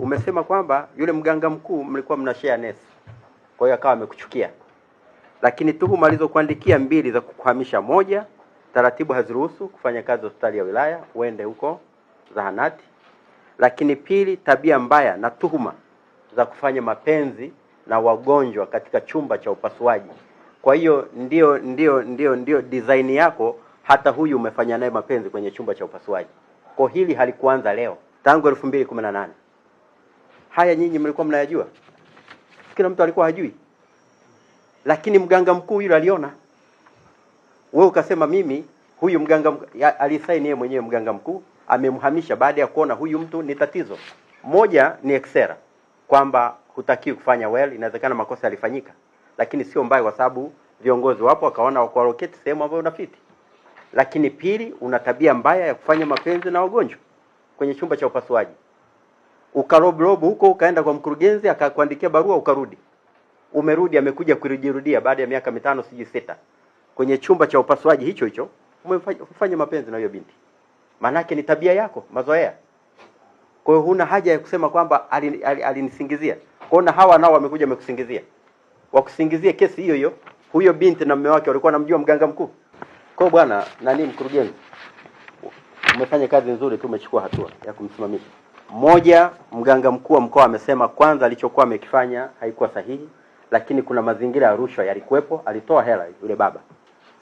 umesema kwamba yule mganga mkuu mlikuwa share nesi, kwa hiyo akawa amekuchukia. Lakini tuhuma alizokuandikia mbili za kukuhamisha, moja, taratibu haziruhusu kufanya kazi hospitali ya wilaya, uende huko zahanati. Lakini pili, tabia mbaya na tuhuma za kufanya mapenzi na wagonjwa katika chumba cha upasuaji. Kwa hiyo ndio ndio ndio ndio design yako, hata huyu umefanya naye mapenzi kwenye chumba cha upasuaji. Kwa hili halikuanza leo, tangu 2018. Haya nyinyi mlikuwa mnayajua? Kila mtu alikuwa hajui, lakini mganga mkuu yule aliona. Wewe ukasema mimi huyu mganga alisaini yeye mwenyewe, mganga mkuu amemhamisha baada ya kuona huyu mtu ni tatizo. Moja ni eksera kwamba hutakiwi kufanya well, inawezekana makosa yalifanyika, lakini sio mbaya, kwa sababu viongozi wapo wakaona wakualoketi sehemu ambayo unafiti. Lakini pili, una tabia mbaya ya kufanya mapenzi na wagonjwa kwenye chumba cha upasuaji ukarobrobo huko, ukaenda kwa mkurugenzi akakuandikia barua, ukarudi, umerudi, amekuja kujirudia baada ya miaka mitano siji sita, kwenye chumba cha upasuaji hicho hicho, umefanya mapenzi na hiyo binti. Maanake ni tabia yako, mazoea. Kwa hiyo huna haja ya kusema kwamba alinisingizia. Kwa hiyo hawa nao wamekuja wamekusingizia, wakusingizie kesi hiyo hiyo. Huyo binti na mume wake walikuwa namjua mganga mkuu. Kwa bwana nani, mkurugenzi, umefanya kazi nzuri tu, umechukua hatua ya kumsimamisha. Moja, mganga mkuu wa mkoa amesema kwanza alichokuwa amekifanya haikuwa sahihi, lakini kuna mazingira ya rushwa yalikuwepo. Alitoa hela yule baba,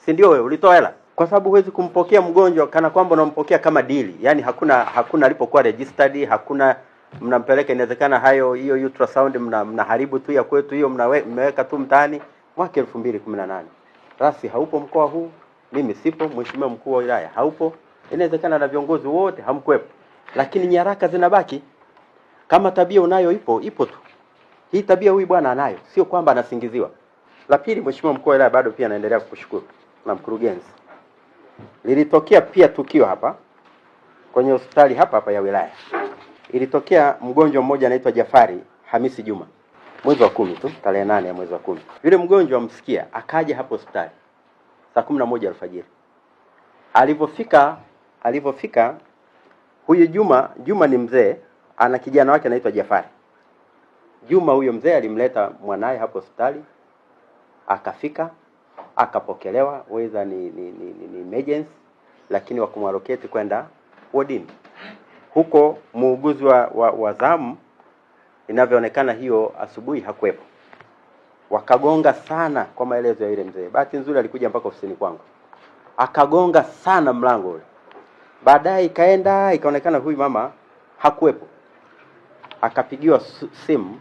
si ndio? Wewe ulitoa hela, kwa sababu huwezi kumpokea mgonjwa kana kwamba unampokea kama dili, yani hakuna hakuna alipokuwa registered, hakuna mnampeleka. Inawezekana hayo hiyo ultrasound mna, mnaharibu tu ya kwetu hiyo, mmeweka tu mtaani. Mwaka 2018 rasi haupo mkoa huu, mimi sipo, mheshimiwa mkuu wa wilaya haupo, inawezekana na viongozi wote hamkuwepo lakini nyaraka zinabaki. Kama tabia unayo ipo ipo tu, hii tabia huyu bwana anayo, sio kwamba anasingiziwa. La pili, mheshimiwa mkuu wa wilaya, bado pia naendelea kukushukuru na mkurugenzi, lilitokea pia tukio hapa kwenye hospitali hapa hapa ya wilaya. Ilitokea mgonjwa mmoja anaitwa Jafari Hamisi Juma mwezi wa kumi tu tarehe nane ya mwezi wa kumi, yule mgonjwa msikia akaja hapo hospitali saa kumi na moja alfajiri. Alipofika alipofika Huyu Juma, Juma ni mzee, ana kijana wake anaitwa Jafari. Juma huyo mzee alimleta mwanaye hapo hospitali, akafika akapokelewa, weza ni, ni, ni, ni, ni emergency, lakini wakumwaroketi kwenda wodini huko. Muuguzi wa, wa, wa zamu inavyoonekana hiyo asubuhi hakuwepo, wakagonga sana, kwa maelezo ya yule mzee. Bahati nzuri alikuja mpaka ofisini kwangu, akagonga sana mlango ule Baadaye ikaenda ikaonekana huyu mama hakuwepo, akapigiwa simu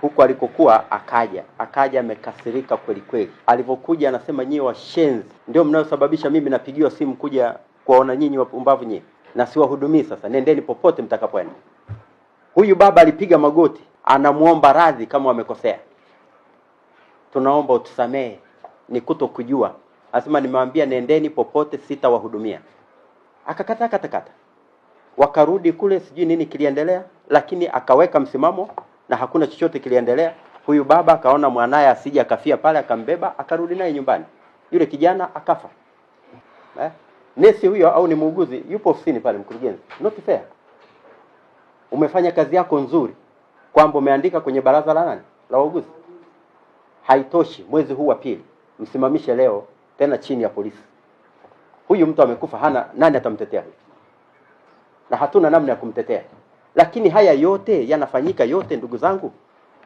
huku alikokuwa, akaja akaja amekasirika kweli kweli. Alivyokuja anasema, nyie washenzi ndio mnayosababisha mimi napigiwa simu kuja kuwaona nyinyi wapumbavu nyie, na siwahudumii. Sasa nendeni popote mtakapoenda. Huyu baba alipiga magoti, anamwomba radhi kama wamekosea, tunaomba utusamehe, ni kuto kujua. Anasema nimewaambia nendeni popote, sitawahudumia akakata katakata, wakarudi kule, sijui nini kiliendelea, lakini akaweka msimamo na hakuna chochote kiliendelea. Huyu baba akaona mwanaye asije akafia pale, akambeba akarudi naye nyumbani. Yule kijana akafa eh? Nesi huyo au ni muuguzi yupo ofisini pale, mkurugenzi, not fair. Umefanya kazi yako nzuri kwamba umeandika kwenye baraza la nani la wauguzi. Haitoshi, mwezi huu wa pili msimamishe leo tena chini ya polisi huyu mtu amekufa, hana nani atamtetea huyu? Na hatuna namna ya kumtetea. Lakini haya yote yanafanyika yote, ndugu zangu.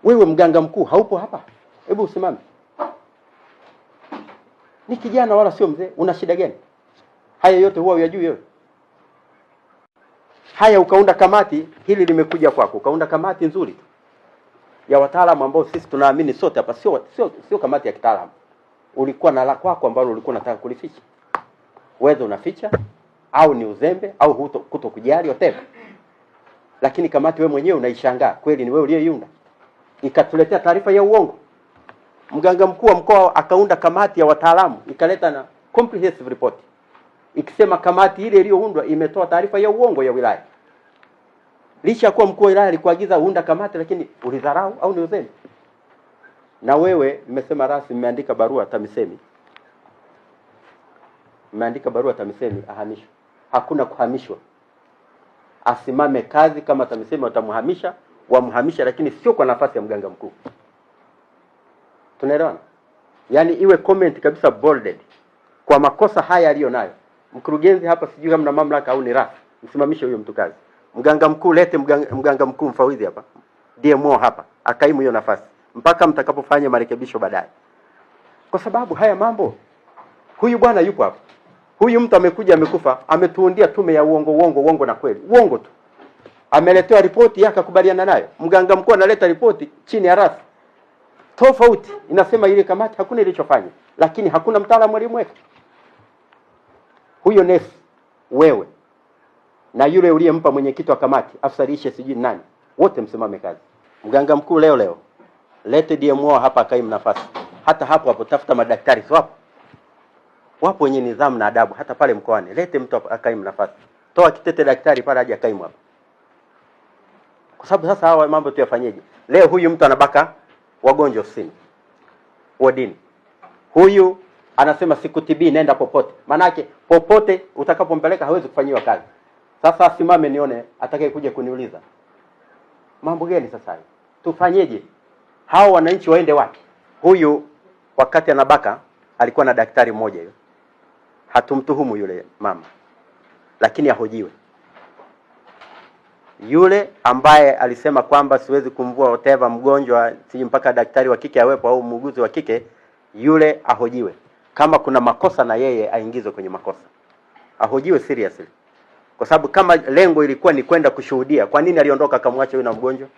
Wewe mganga mkuu haupo hapa, hebu usimame. Ni kijana wala sio mzee, una shida gani? Haya yote huwa uyajui wewe. Haya ukaunda kamati, hili limekuja kwako, ukaunda kamati nzuri ya wataalamu ambao sisi tunaamini sote hapa, sio sio sio kamati ya kitaalamu. Ulikuwa na la kwako ambalo ulikuwa unataka kulificha wewe unaficha au ni uzembe au huto, kuto kujali whatever. Lakini kamati we mwenyewe unaishangaa, kweli ni wewe uliyeiunda ikatuletea taarifa ya uongo. Mganga mkuu wa mkoa akaunda kamati ya wataalamu ikaleta na comprehensive report ikisema kamati ile iliyoundwa imetoa taarifa ya uongo ya wilaya, licha ya kuwa mkuu wa wilaya alikuagiza uunda kamati, lakini ulidharau au ni uzembe. Na wewe mmesema rasmi, nimeandika barua TAMISEMI mmeandika barua TAMISEMI ahamishwe. Hakuna kuhamishwa, asimame kazi. Kama TAMISEMI watamhamisha wamhamisha, lakini sio kwa nafasi ya mganga mkuu. Tunaelewana? Yaani iwe comment kabisa bolded kwa makosa haya aliyo nayo mkurugenzi hapa, sijui kama na mamlaka au ni rafu, msimamishe huyo mtu kazi. Mganga mkuu lete mganga, mganga mkuu mfawidhi hapa, DMO hapa, akaimu hiyo nafasi mpaka mtakapofanya marekebisho baadaye, kwa sababu haya mambo, huyu bwana yupo hapa huyu mtu amekuja amekufa, ametuundia tume ya uongo uongo uongo na kweli uongo tu. Ameletewa ripoti yake akakubaliana nayo, mganga mkuu analeta ripoti chini ya rafu tofauti, inasema ile kamati hakuna ilichofanya, lakini hakuna mtaalamu aliyemweka huyo nesi. Wewe na yule uliyempa mwenyekiti wa kamati, afsarishe lishe, sijui nani, wote msimame kazi. Mganga mkuu leo leo lete DMO hapa, akae nafasi hata hapo hapo, tafuta madaktari swapo Wapo wenye nidhamu na adabu hata pale mkoani. Lete mtu akaimu nafasi, toa kitete daktari pale aje akaimu hapa, kwa sababu sasa hawa mambo tu yafanyeje? Leo huyu mtu anabaka wagonjwa ofisini, wodini, huyu anasema siku sikutibii, nenda popote. manake popote utakapompeleka hawezi kufanyiwa kazi. Sasa asimame nione atakaye kuja kuniuliza mambo gani. Sasa tufanyeje? Hao wananchi waende wapi? Huyu wakati anabaka alikuwa na daktari mmoja yule hatumtuhumu yule mama, lakini ahojiwe. Yule ambaye alisema kwamba siwezi kumvua oteva mgonjwa siji mpaka daktari wa kike awepo au muuguzi wa kike, yule ahojiwe. Kama kuna makosa na yeye aingizwe kwenye makosa, ahojiwe seriously, kwa sababu kama lengo ilikuwa ni kwenda kushuhudia, kwa nini aliondoka akamwacha yule na mgonjwa?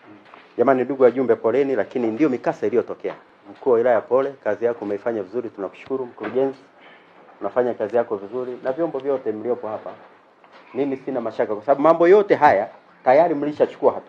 Jamani ndugu wajumbe, poleni, lakini ndiyo mikasa iliyotokea. Mkuu wa wilaya pole, kazi yako umeifanya vizuri, tunakushukuru mkurugenzi unafanya kazi yako vizuri, na vyombo vyote mliopo hapa, mimi sina mashaka, kwa sababu mambo yote haya tayari mlishachukua hatua.